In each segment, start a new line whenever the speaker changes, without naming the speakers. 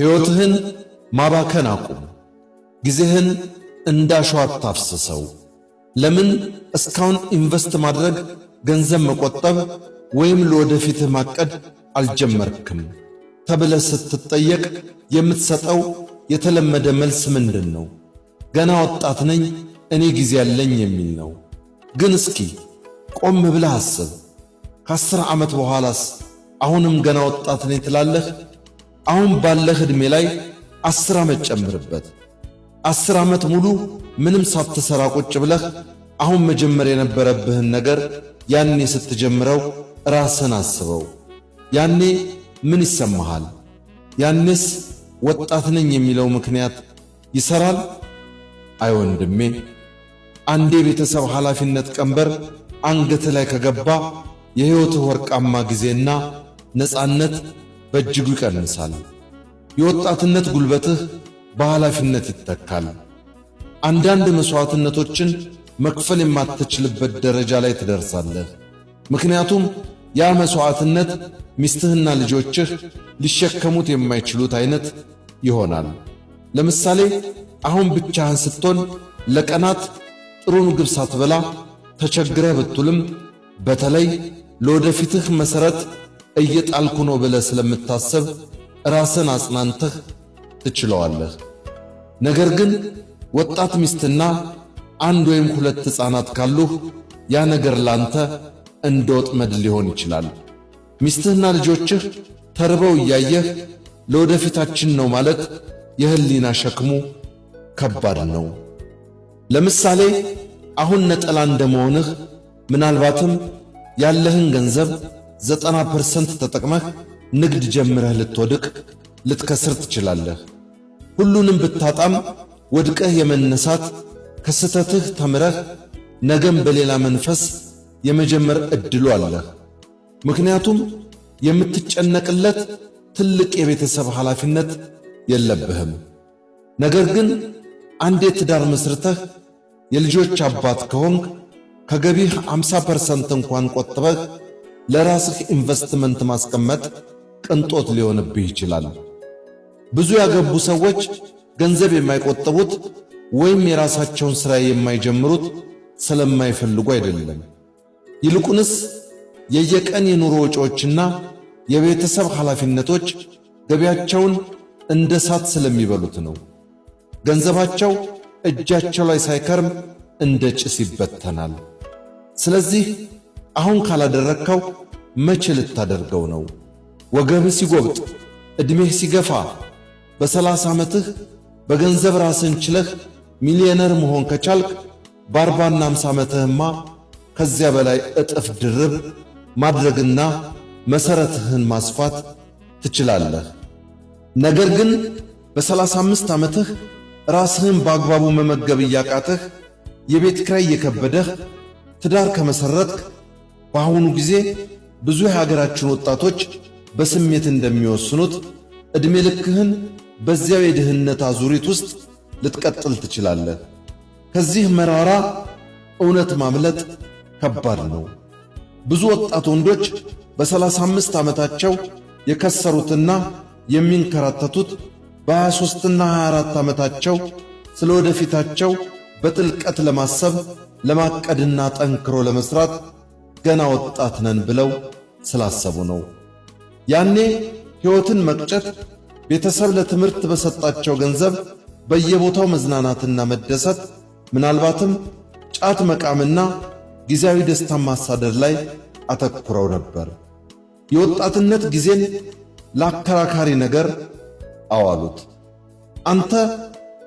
ሕይወትህን ማባከን አቁም። ጊዜህን እንዳሸዋ አታፍስሰው። ለምን እስካሁን ኢንቨስት ማድረግ፣ ገንዘብ መቆጠብ ወይም ለወደፊትህ ማቀድ አልጀመርክም ተብለ ስትጠየቅ የምትሰጠው የተለመደ መልስ ምንድን ነው? ገና ወጣት ነኝ እኔ ጊዜ ያለኝ የሚል ነው። ግን እስኪ ቆም ብለህ አስብ። ከአስር ዓመት በኋላስ አሁንም ገና ወጣት ነኝ ትላለህ? አሁን ባለህ ዕድሜ ላይ አስር ዓመት ጨምርበት። አስር ዓመት ሙሉ ምንም ሳትሰራ ቁጭ ብለህ አሁን መጀመር የነበረብህን ነገር ያኔ ስትጀምረው ራስን አስበው። ያኔ ምን ይሰማሃል? ያኔስ ወጣት ነኝ የሚለው ምክንያት ይሰራል? አይ ወንድሜ፣ አንዴ የቤተሰብ ኃላፊነት ቀንበር አንገት ላይ ከገባ የሕይወትህ ወርቃማ ጊዜና ነፃነት በእጅጉ ይቀንሳል። የወጣትነት ጉልበትህ በኃላፊነት ይተካል። አንዳንድ መሥዋዕትነቶችን መክፈል የማትችልበት ደረጃ ላይ ትደርሳለህ። ምክንያቱም ያ መሥዋዕትነት ሚስትህና ልጆችህ ሊሸከሙት የማይችሉት አይነት ይሆናል። ለምሳሌ አሁን ብቻህን ስትሆን ለቀናት ጥሩ ምግብ ሳትበላ ተቸግረህ ብትውልም በተለይ ለወደፊትህ መሠረት እየጣልኩ ነው ብለህ ስለምታሰብ ራስን አጽናንተህ ትችለዋለህ። ነገር ግን ወጣት ሚስትና አንድ ወይም ሁለት ሕፃናት ካሉህ ያ ነገር ላንተ እንደ ወጥመድ ሊሆን ይችላል። ሚስትህና ልጆችህ ተርበው እያየህ ለወደፊታችን ነው ማለት የህሊና ሸክሙ ከባድ ነው። ለምሳሌ አሁን ነጠላ እንደመሆንህ ምናልባትም ያለህን ገንዘብ ዘጠና ፐርሰንት ተጠቅመህ ንግድ ጀምረህ ልትወድቅ ልትከስር ትችላለህ። ሁሉንም ብታጣም ወድቀህ የመነሳት ከስተትህ ተምረህ ነገም በሌላ መንፈስ የመጀመር ዕድሉ አለህ። ምክንያቱም የምትጨነቅለት ትልቅ የቤተሰብ ኃላፊነት የለብህም። ነገር ግን አንዴ የትዳር መስርተህ የልጆች አባት ከሆንክ ከገቢህ 50 ፐርሰንት እንኳን ቆጥበህ ለራስህ ኢንቨስትመንት ማስቀመጥ ቅንጦት ሊሆንብህ ይችላል። ብዙ ያገቡ ሰዎች ገንዘብ የማይቆጥቡት ወይም የራሳቸውን ሥራ የማይጀምሩት ስለማይፈልጉ አይደለም። ይልቁንስ የየቀን የኑሮ ወጪዎችና የቤተሰብ ኃላፊነቶች ገቢያቸውን እንደ እሳት ስለሚበሉት ነው። ገንዘባቸው እጃቸው ላይ ሳይከርም እንደ ጭስ ይበተናል። ስለዚህ አሁን ካላደረግከው መቼ ልታደርገው ነው? ወገብህ ሲጎብጥ፣ ዕድሜህ ሲገፋ፣ በሰላሳ ዓመትህ በገንዘብ ራስን ችለህ ሚሊዮነር መሆን ከቻልክ በአርባና አምሳ ዓመትህማ ከዚያ በላይ እጥፍ ድርብ ማድረግና መሠረትህን ማስፋት ትችላለህ። ነገር ግን በሰላሳ አምስት ዓመትህ ራስህን በአግባቡ መመገብ እያቃተህ የቤት ክራይ እየከበደህ ትዳር ከመሠረትክ በአሁኑ ጊዜ ብዙ የሀገራችን ወጣቶች በስሜት እንደሚወስኑት ዕድሜ ልክህን በዚያው የድህነት አዙሪት ውስጥ ልትቀጥል ትችላለህ። ከዚህ መራራ እውነት ማምለጥ ከባድ ነው። ብዙ ወጣት ወንዶች በ35 ዓመታቸው የከሰሩትና የሚንከራተቱት በ23ና 24 ዓመታቸው ስለ ወደፊታቸው በጥልቀት ለማሰብ ለማቀድና ጠንክሮ ለመስራት ገና ወጣት ነን ብለው ስላሰቡ ነው። ያኔ ሕይወትን መቅጨት ቤተሰብ ለትምህርት በሰጣቸው ገንዘብ በየቦታው መዝናናትና መደሰት ምናልባትም ጫት መቃምና ጊዜያዊ ደስታ ማሳደድ ላይ አተኩረው ነበር። የወጣትነት ጊዜን ለአከራካሪ ነገር አዋሉት። አንተ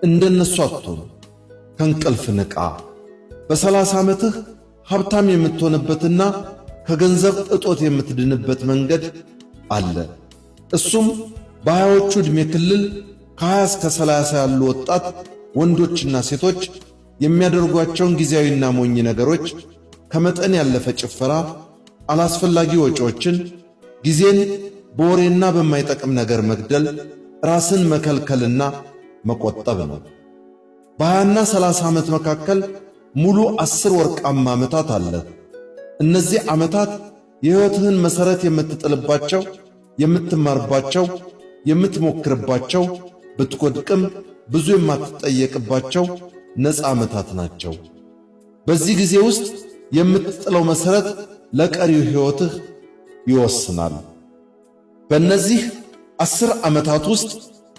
እንደነሱ አትሁን፣ ከእንቅልፍ ንቃ፣ በሰላሳ ዓመትህ ሀብታም የምትሆንበትና ከገንዘብ እጦት የምትድንበት መንገድ አለ። እሱም በሀያዎቹ ዕድሜ ክልል ከ20 እስከ 30 ያሉ ወጣት ወንዶችና ሴቶች የሚያደርጓቸውን ጊዜያዊና ሞኝ ነገሮች፣ ከመጠን ያለፈ ጭፈራ፣ አላስፈላጊ ወጪዎችን፣ ጊዜን በወሬና በማይጠቅም ነገር መግደል፣ ራስን መከልከልና መቆጠብ ነው። በሀያና ሰላሳ ዓመት መካከል ሙሉ አስር ወርቃማ ዓመታት አለ። እነዚህ ዓመታት የሕይወትህን መሠረት የምትጥልባቸው፣ የምትማርባቸው፣ የምትሞክርባቸው፣ ብትወድቅም ብዙ የማትጠየቅባቸው ነፃ ዓመታት ናቸው። በዚህ ጊዜ ውስጥ የምትጥለው መሠረት ለቀሪው ሕይወትህ ይወስናል። በእነዚህ አስር ዓመታት ውስጥ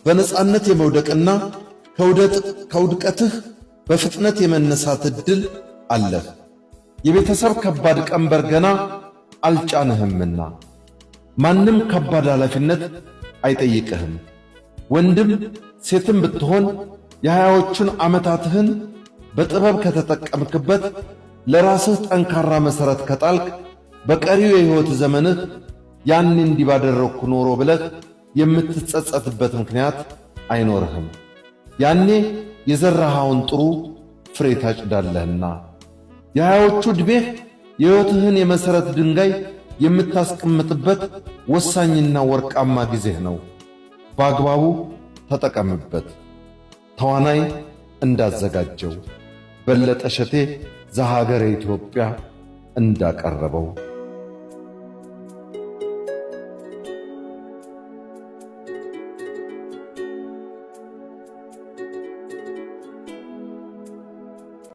በነፃነት የመውደቅና ከውድቀትህ በፍጥነት የመነሳት ዕድል አለህ። የቤተሰብ ከባድ ቀንበር ገና አልጫንህምና ማንም ከባድ ኃላፊነት አይጠይቅህም። ወንድም ሴትም ብትሆን የሃያዎቹን ዓመታትህን በጥበብ ከተጠቀምክበት፣ ለራስህ ጠንካራ መሠረት ከጣልክ በቀሪው የሕይወት ዘመንህ ያን እንዲህ ባደረግኩ ኖሮ ብለህ የምትጸጸትበት ምክንያት አይኖርህም። ያኔ የዘራሃውን ጥሩ ፍሬ ታጭዳለህና የሃያዎቹ ዕድሜህ የሕይወትህን የመሠረት ድንጋይ የምታስቀምጥበት ወሳኝና ወርቃማ ጊዜህ ነው። በአግባቡ ተጠቀምበት። ተዋናይ እንዳዘጋጀው በለጠ ሸቴ ዘሀገረ ኢትዮጵያ እንዳቀረበው